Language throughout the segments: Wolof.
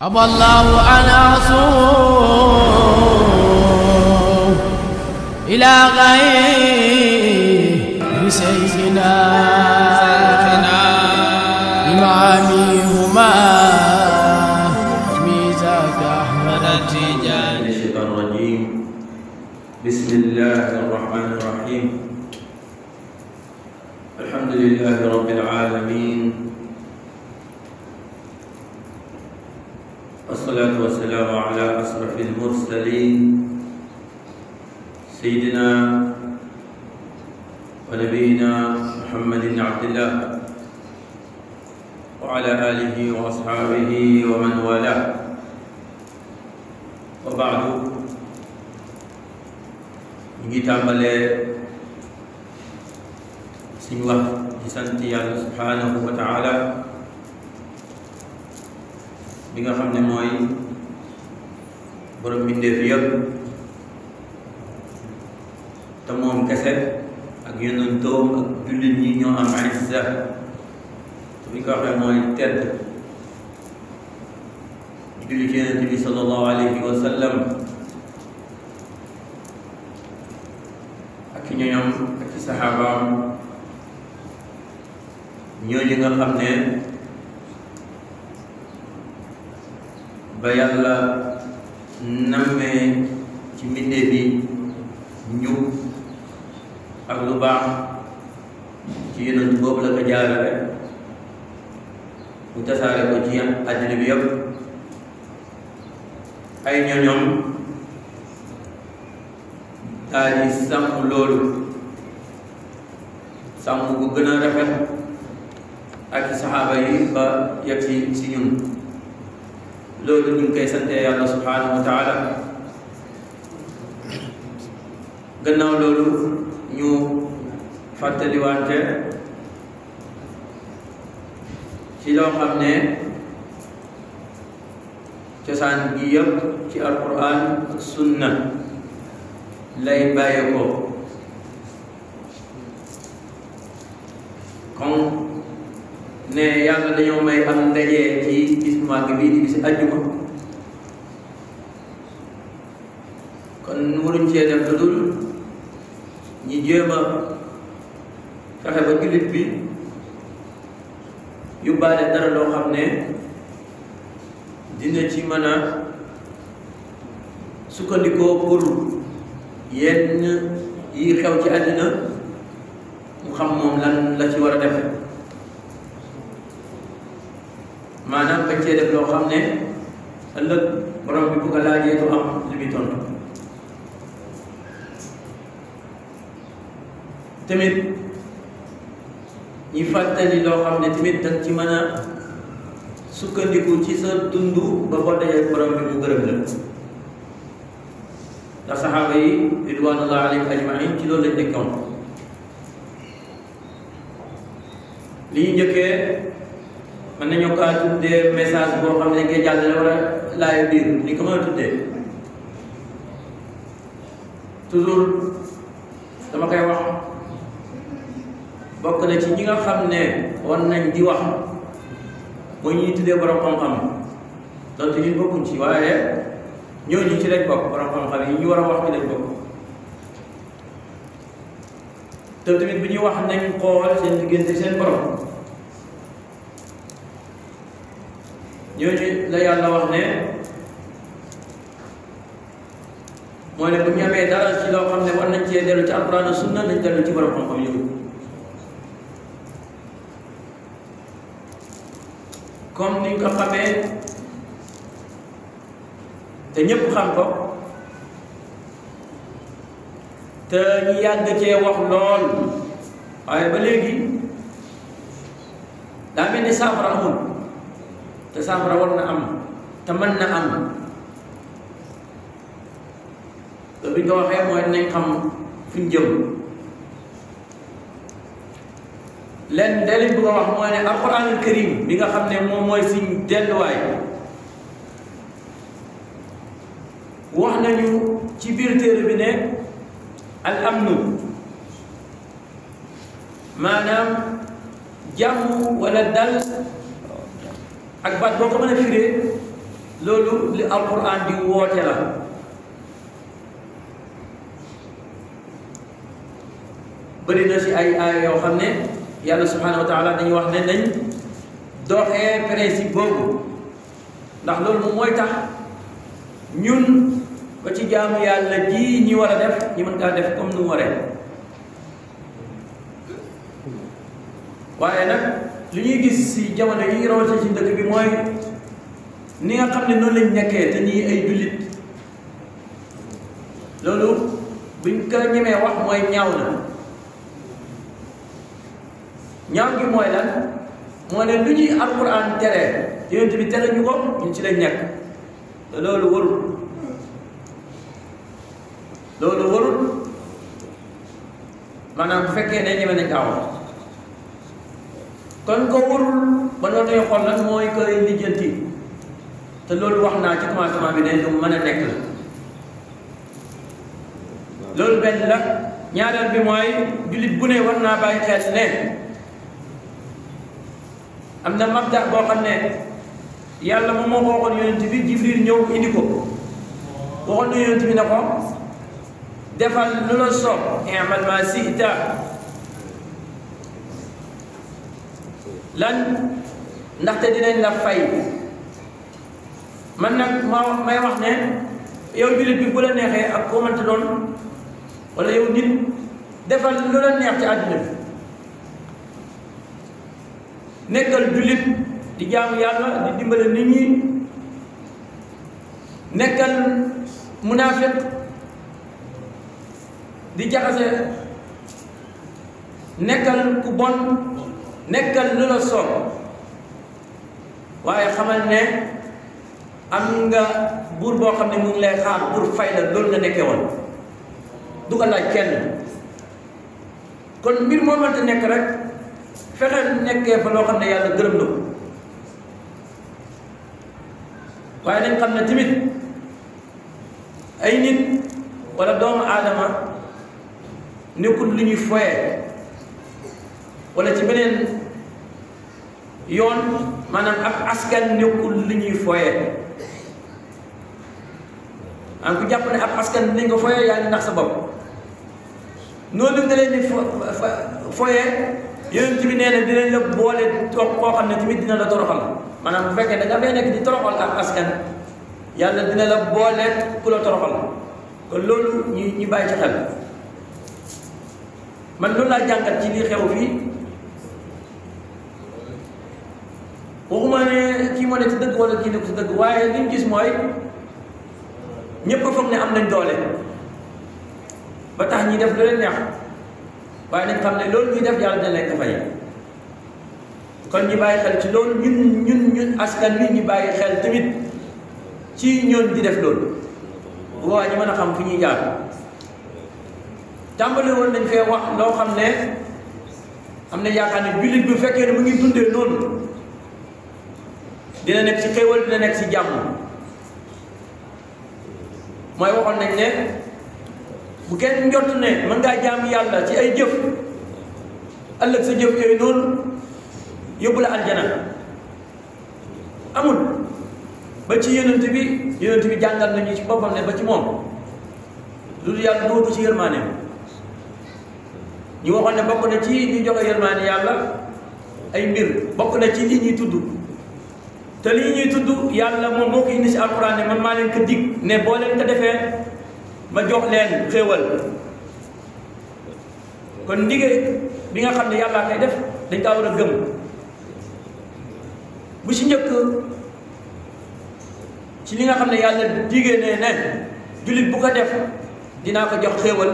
أبى الله أن أصوم إلى غير سيدنا إمامهما ميزاك أحمد تجاني الرجيم بسم الله الرحمن الرحيم الحمد لله رب العالمين والصلاة والسلام على أشرف المرسلين سيدنا ونبينا محمد بن عبد الله وعلى آله وأصحابه ومن والاه وبعد نجي تامبالي سنوة سنتي سبحانه وتعالى bi nga xam ne mooy borom mbindeef yëpp te moom kese ak yonentoom ak jullit ñi ñoo am izza te bi ko waxee mooy tedd di julli ci yonente bi alayhi wa sallam ak ñoñom ak ci saxaabaam nga xam ne ba yàlla nammee ci mbindee bi ñu ak lu baax ci yonent boobu la ko jaarale bu tasaare ko ci àddina bi yëpp ay ñoñom daal di sàmm loolu sàmm bu gën a rafet ak saxaaba yi ba yegg si ñun loolu ñu ngi koy sante yàlla subhaanahu wa taala loolu ñu fàttaliwaante ci loo xam ne cosaan bi yëpp ci alquran sunna lay bàyyi ko kon ne yàlla dañoo may am ndaje ci màgg bii di bis àjjuma kon waruñ cee def lu dul ñi jéem fexe ba jullit bi yóbbaale dara loo xam ne dina ci mën a sukkandikoo pour yenn yi xew ci àddina mu xam moom lan la ci war a def maanaam bañ cee loo xam ne ëllëg borom bi bu ko laajee am li muy tamit ñi fàttali loo xam ne tamit danga ci mën a sukkandiku ci sa dund ba boo borom bi mu gërëm la ndax saxaaba yi ridwanullah alayhim ajmain ci loolu lañ nekkoon li ñu njëkkee nañu kaa tuddee message boo xam ne ngay jàllale wala laay biir li ko mën a tuddee toujours dama koy wax bokk na ci ñi nga xam ne war nañ di wax mooy ñuy tuddee borom xam-xam donte ñun bokkuñ ci waaye ñooñu ci lañ bokk borom xam-xam yi ñu war a wax ci lañ bokk te tamit bu ñuy wax nañ xool seen diggante seen borom. ñooñu la yàlla wax ne mooy ne bu ñu dara ci loo xam ne war nañ cee dellu ci alquran ak sunna nañ dellu ci borom xam-xam yooyu comme ni ñu ko xamee te ñëpp xam ko te ñu yàgg cee wax lool waaye ba léegi daa mel ni saafara amul te saafara war na am te mën na am loolu bi ñu waxee mooy nañ xam fi ñu jëm lenn de liñ bëgg wax mooy ne alxuraanul karim bi nga xam ne moom mooy suñ delluwaay wax nañu ci biir téere bi ne al amnu maanaam jàmm wala dal ak baat boo ko mën a firee loolu li alquran di woote la bëri na si ay aaya yoo xam ne subhanahu wa taala dañuy wax ne nañ doxee principe boobu ndax loolu moom mooy tax ñun ba ci jaamu yàlla ji ñi war def ñi mën kaa def comme nu mu waree waaye lu ñuy gis si jamono yi rawatina ci dëkk bi mooy ni nga xam ne noonu lañ nekkee te ñuy ay jullit loolu buñ ko ñemee wax mooy ñaaw na ñaaw gi mooy lan moo ne lu ñuy alquran tere yonent bi tere ñu ko ñun ci lañ nekk te loolu warul loolu warul maanaam bu fekkee ne ñeme nañ kaa kon ko warul ba loo tey xool mooy koy lijjanti te loolu wax naa ci commencement bi ne lu mën a nekk la loolu benn la ñaareel bi mooy jullit bu ne war naa bàyyi xel ne am na mabda boo xam ne yàlla moom moo ko waxoon yonent bi jibril ñëw indi ko waxoon na yonent bi ne ko defal lu la soob amal ma sita lan ndaxte dinañ la fay man nag ma may wax ne yow jullit bi bu la neexee ak koo mënti doon wala yow nit defal lu la neex ci àddina nekkal jullit di jaamu yàlla di dimbale nit ñi nekkal munaafiq di jaxase nekkal ku bon nekkal lu la soob waaye xamal ne am nga buur boo xam ne mu ngi lay xaar pour fay la loolu nga nekkee woon du ko kenn kon mbir moo mënta nekk rek fexe nekkee fa loo xam ne yàlla gërëm na waaye dañ xam ne tamit ay nit walla doomu aadama nekkul lu ñuy foye wala ci beneen yoon maanaam ab askan nekkul li ñuy foyee am ku jàpp ne ab askan dinañ ko foyee yaa ngi ndax sa bopp noonu nga leen di fo foyee yonent bi nee na dinañ la boole toog koo xam ne tamit dina la toroxal maanaam bu fekkee da nga nekk di toroxal ab askan yàlla dina la boole ku la toroxal kon loolu ñu ñu bàyyi ci xel man loolu laa jàngat ci lii xew fii waxuma ne kii moo ne ci dëgg wala kii nekk ci dëgg waaye li gis mooy ñépp a foog ne am nañ doole ba tax ñi def lu leen neex waaye nañ xam ne loolu ñuy def yàlla dina leen ko fay kon ñu bàyyi xel ci loolu ñun ñun ñun askan wi ñu bàyyi xel tamit ci ñoon di def loolu waaw ñu mën a xam fi ñuy jaar tàmbali woon nañ fee wax loo xam ne am na yaakaar ne jullit bu fekkee ne mu ngi dundee noonu dina nekk ci xéewal dina nekk ci jàmm mooy waxoon nañ ne bu kenn njott ne mën ngaa jàmm yàlla ci ay jëf ëllëg sa jëf yooyu noonu yóbbu la aljana amul ba ci yonent bi yonent bi jàngal nañu ci boppam ne ba ci moom lu dul yàlla doo ci yërmaaneem ñu waxoon ne bokk na ci ñu joxe yërmaane yàlla ay mbir bokk na ci li ñuy tudd te lii ñuy tudd yàlla moom moo ko indi si alquran ne man maa leen ko dig ne boo leen ko defee ma jox leen xéewal kon ndigee bi nga xam ne yàllaa koy def dañ kaa war a gëm bu ci njëkk ci li nga xam ne yàlla digée ne ne jullit bu ko def dinaa ko jox xéewal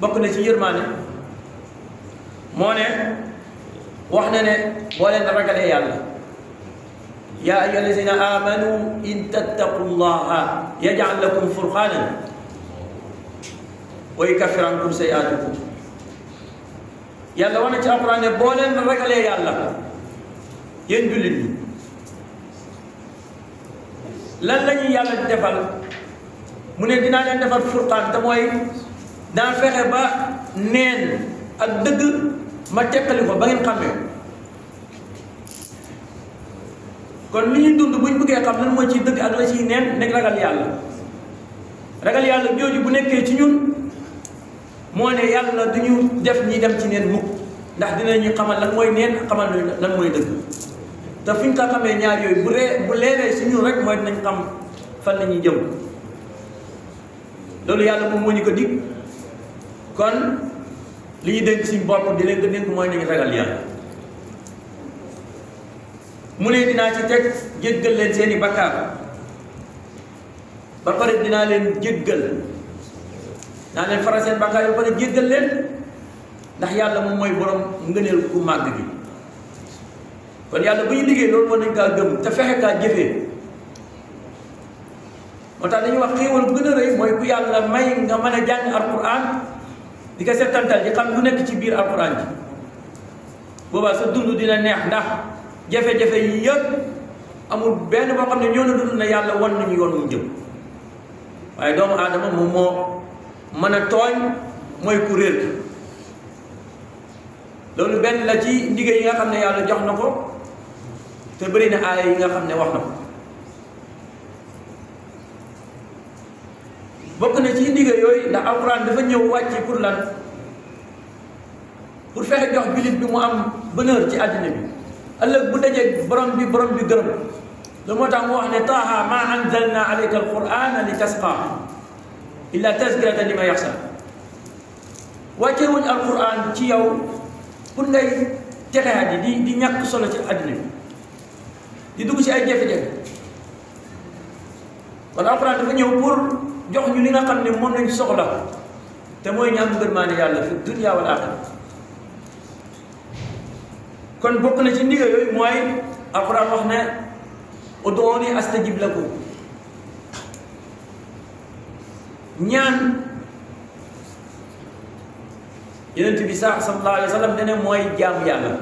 bokk na ci yërmaane moo ne wax na ne boo leen ragalee yàlla يا أيها الذين آمنوا إن تتقوا الله يجعل لكم فرقانا ويكفر عنكم سيئاتكم يلا وانا تي من بولن يا الله يندلني لن لا يالا تفعل من دينا لن تفعل فرقان تموي نافع با نين ak ما تقلقوا tekkali ko kon li ñuy dund buñ buggee xam lan moo ciy dëgg ak la ciy neen nekk ragal yàlla ragal yàlla jooju bu nekkee ci ñun moo ne yàlla du ñu def ñi dem ci neen mukk ndax dinañu xamal lan mooy neen xamal lan mooy dëgg te fu ñu ko xamee ñaar yooyu bu ree bu leeree si ñun rek mooy dinañ xam fan la ñuy jëm loolu yàlla moom moo ñu ko dig kon li ñu dénk suñu bopp di leen ko dénk mooy nañu ragal yàlla. mu dina dinaa ci teg jéggal leen seeni bakkaar ba pare dinaa leen jéggal naa leen faral seen bakkaar ba pare jéggal leen ndax yàlla moom mooy borom ngëneel ku màgg gi kon yàlla bu ñu liggéey loolu mo nañ kaa gëm te fexe kaa jëfee moo tax dañuy wax xéewal bu gën a rëy mooy ku yàlla may nga mën a alquran di ko settantal di xam lu nekk ci biir alquran ji boobaa sa dund dina neex ndax jafe-jafe yëpp amul benn boo xam ne ñoo na dund na yàlla wan nañu yoon wu jëm waaye doomu aadama moom moo mën a tooñ mooy ku réer ki loolu benn la ci ndigal yi nga xam ne yàlla jox na ko te bëri aaya yi nga xam ne wax na ko bokk na ci ndigal yooyu ndax alxuraan dafa ñëw wàcc pour lan pour fexe jox bilit bi mu am bonheur ci àddina bi ëllëg bu dajee borom bi borom bi gërëm lu moo tax moo wax ne taaha ma anzalna alayka alqurana li tasqa illa tazkiratan li ma yaxsa ci yow pour ngay texeat yi di di ñàkk solo ci àddina bi di dugg ci ay jafe-jafe kon alquran dafa ñëw pour jox ñu li nga xam ne moom lañ soxla te mooy ñaam gërmaane yàlla fi dunya wal axira kon bokk na ci ndigal yooyu mooy alxuraan wax ne ud'uuni astajib lakum ñaan yonent bi sax sallallahu alayhi wa sallam ne ne mooy jaamu yàlla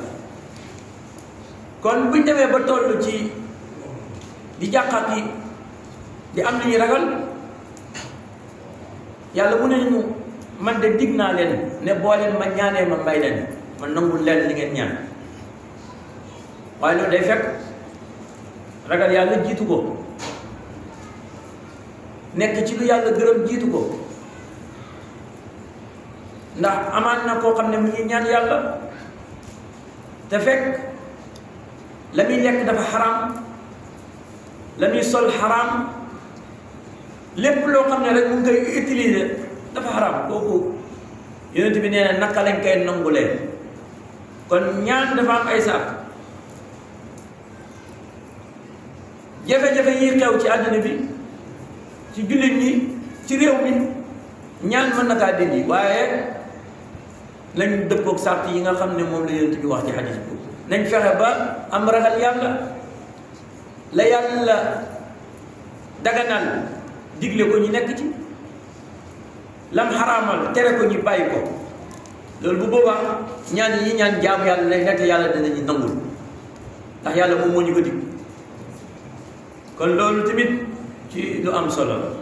kon buñ demee ba toll ci di jàqaat yi di am lu ñuy ragal yàlla mu ne ñu man de digg naa leen ne boo leen ma ñaanee ma may leen ma nangul leen li ngeen ñaan waaye loolu day fekk ragal yàlla jiitu ko nekk ci lu yàlla gërëm jiitu ko ndax amaan na koo xam ne mu ngi ñaan yàlla te fekk la muy dafa xaraam la sol xaraam lépp loo xam ne rek mu ngi koy utiliser dafa xaraam kooku yonent bi nee naka lañ koy nangulee kon ñaan dafa am ay saako jafe-jafe yi xew ci àddina bi ci jullit ñi ci réew mi ñaan mën na kaa dindi waaye lañ dëppoog sart yi nga xam ne moom la yonent bi wax ci xadis bi nañ fexe ba am ragal yàlla la yàlla daganal digle ko ñu nekk ci lam xaraamal tere ko ñu bàyyi ko loolu bu boobaa ñaan yi ñaan jaam yàlla lay nekk yàlla danañu nangul ndax yàlla moom moo ñu ko dig kon loolu tamit ci lu am solo la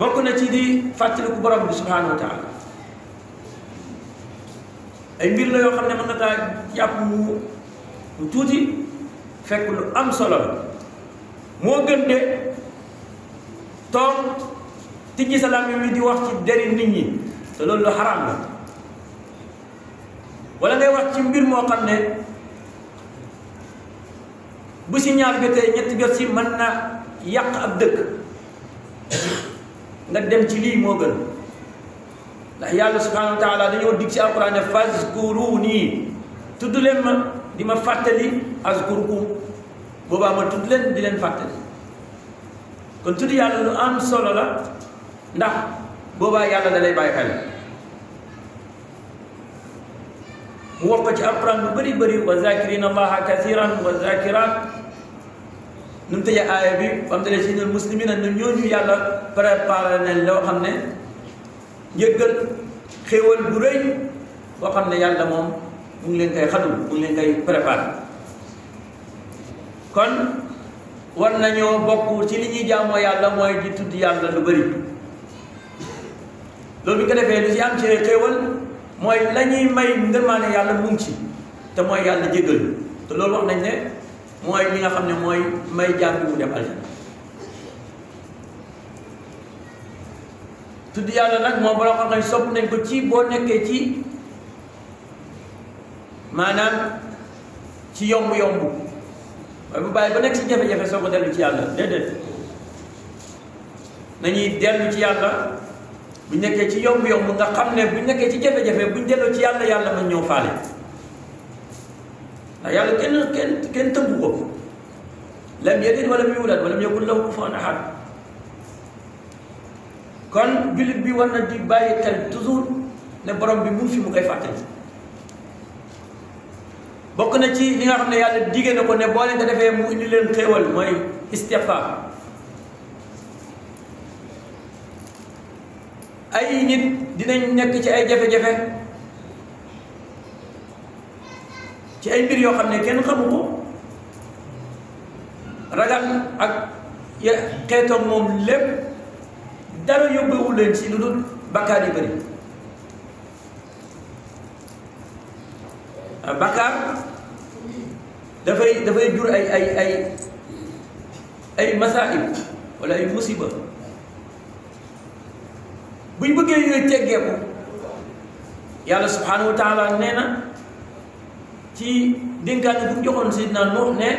bokk na ci di fàttaliku borom bi subhanahu wa ay mbir la yoo xam ne mën na kaa jàpp mu tuuti fekk lu am solo la moo gën de toog tijji salaam yi di wax ci deri nit ñi te loolu lu xaraam la wala ngay wax ci mbir moo xam ne bu si ñaar jotee ñetti jot si mën na yàq ab dëkk nga dem ci lii moo gën ndax yàlla subhanahu wa taala dañoo dig ci alquran ne fazkuruni tudd leen ma di ma fàttali azkurkum boobaa ma tudd leen di leen fàttali kon tudd yàlla lu am solo la ndax boobaa yàlla da lay bàyyi xel mu wax ko ci alquran bu bëri bëri wa zakirina allaha kathiran wa nu mu tëjee aaya bi am te ne si ñun muslimin na ñooñu yàlla préparé nañ loo xam ne njëggal xéewal bu rëy boo xam ne yàlla moom mu ngi leen koy xatul mu ngi leen koy préparé kon war nañoo bokk ci li ñuy jaamoo yàlla mooy di tudd yàlla lu bëri loolu bi ko defee lu ci am ci xéewal mooy la may ngërmaane yàlla mu ngi ci te mooy yàlla jéggal te loolu wax nañ ne mooy li nga xam ne mooy may jaam bi mu dem aljana tudd yàlla nag moom borom xam-xam sopp nañ ko ci boo nekkee ci maanaam ci yomb-yomb waaye bu bàyyi ba nekk ci jafe-jafe soo ko dellu ci yàlla déedéet nañuy dellu ci yàlla bu nekkee ci yomb-yomb nga xam ne bu nekkee ci jafe-jafe buñ dellu ci yàlla yàlla mën ñëw faale yàlla kenn kenn kenn tënku ko lam yalid walam yuulad walam yakun lahu kufuwan ahad kon jullit bi war na di bàyyi xel toujours ne borom bi mu ngi fi mu koy fàttali bokk na ci li nga xam ne yàlla diggé na ko ne boo leen ko defee mu indi leen xéewal mooy istighfar ay nit dinañ nekk ci ay jafe-jafe ci mbir yoo xam ne kenn xamu ko ragal ak xeetoog moom lépp dara yóbbewu leen si lu dul bakkaar yi bëri ah, bakkaar dafay dafay ay ay ay ay masaib wala ay musiba buñ bëggee yooyu teggeeku yàlla subhanahu wa taala nee na ci dénkaane bu ñu joxoon Seydina Nuux ne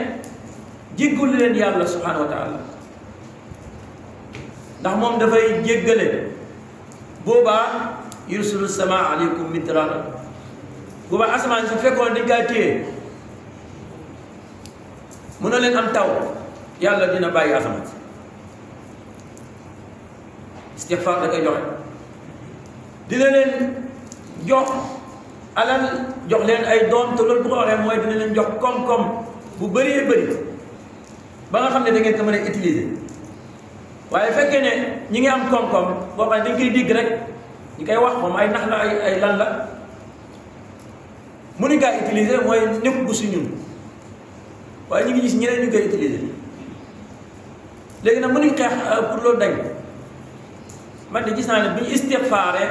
jéggal leen yàlla subhaanahu wa ndax moom dafay jéggale boobaa yursilu sama aleykum midraara boobaa asamaan su fekkoon dañ téye mën na leen am taw yàlla dina bàyyi asamaan si istixfaar da joxe dina leen jox alal jox leen ay doom te loolu bu ko waxee mooy dina leen jox koom-koom bu bëree bëri ba nga xam ne da ngeen ko mën a utiliser waaye fekkee ne ñi ngi am koom-koom boo xam ne dañ koy dégg rek ñu koy wax moom ay nax la ay ay lan la mënuñ kaa utiliser mooy nekk bu si ñun waaye ñu ngi gis ñeneen ñu koy utiliser léegi nag mënuñ xeex pour loolu dañ man de gis naa ne bu ñu istigfaaree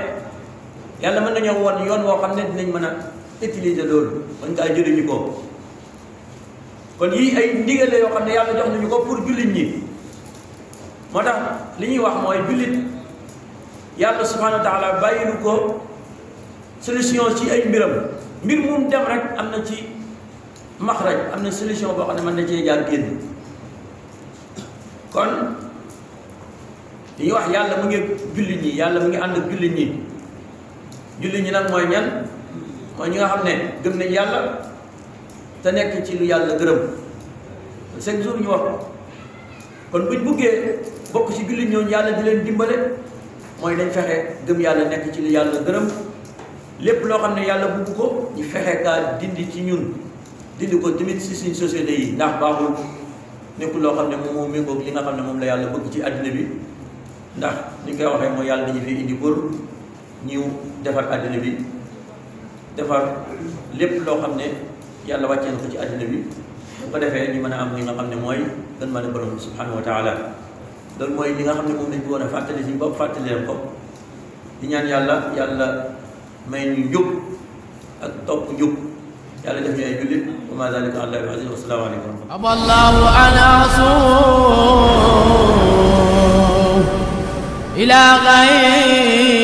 yàlla mën nañoo woon yoon woo xam ne dinañ mën a utilisateur bañ kaa jëriñu ko kon yii ay ndigal la yoo xam ne yàlla jox nañu ko pour jullit ñi moo tax li ñuy wax mooy jullit yàlla subhanahu wa taala bàyyilu ko solution ci ay mbiram mbir mum dem rek am na ci maxraj am na solution boo xam ne mën na cee jaar génn kon li ñuy wax yàlla ya mu ngi ya jullit ñi yàlla mu ngi ànd ak ñi jullit ñi nag mooy ñan mooy ñi nga xam ne gëm nañ yàlla te nekk ci lu yàlla gërëm chaque jour ñu wax ko kon buñ buggee bokk ci jullit ñooñu yàlla di leen dimbale mooy dañ fexe gëm yàlla nekk ci lu yàlla gërëm lépp loo xam ne yàlla bugg ko ñu fexe kaa dindi ci ñun dindi ko tamit si suñ société yi ndax baaxul nekkul loo xam ne moom moo méngoog li nga xam ne moom la yàlla bëgg ci àddina bi ndax ni ñu koy waxee mooy yàlla dañu fi indi pour ñu defar àddina bi defar lépp loo xam ne yàlla na ko ci àddina bi bu ko defee ñu mën am li nga gën borom subhanahu wa taala loolu moy li nga xam ne moom ko war a fàttali suñu bopp ko di ñaan yàlla yàlla may ñu ak def ñu ay wa ma allah bi aziz wa salaamu aballahu ila ghayr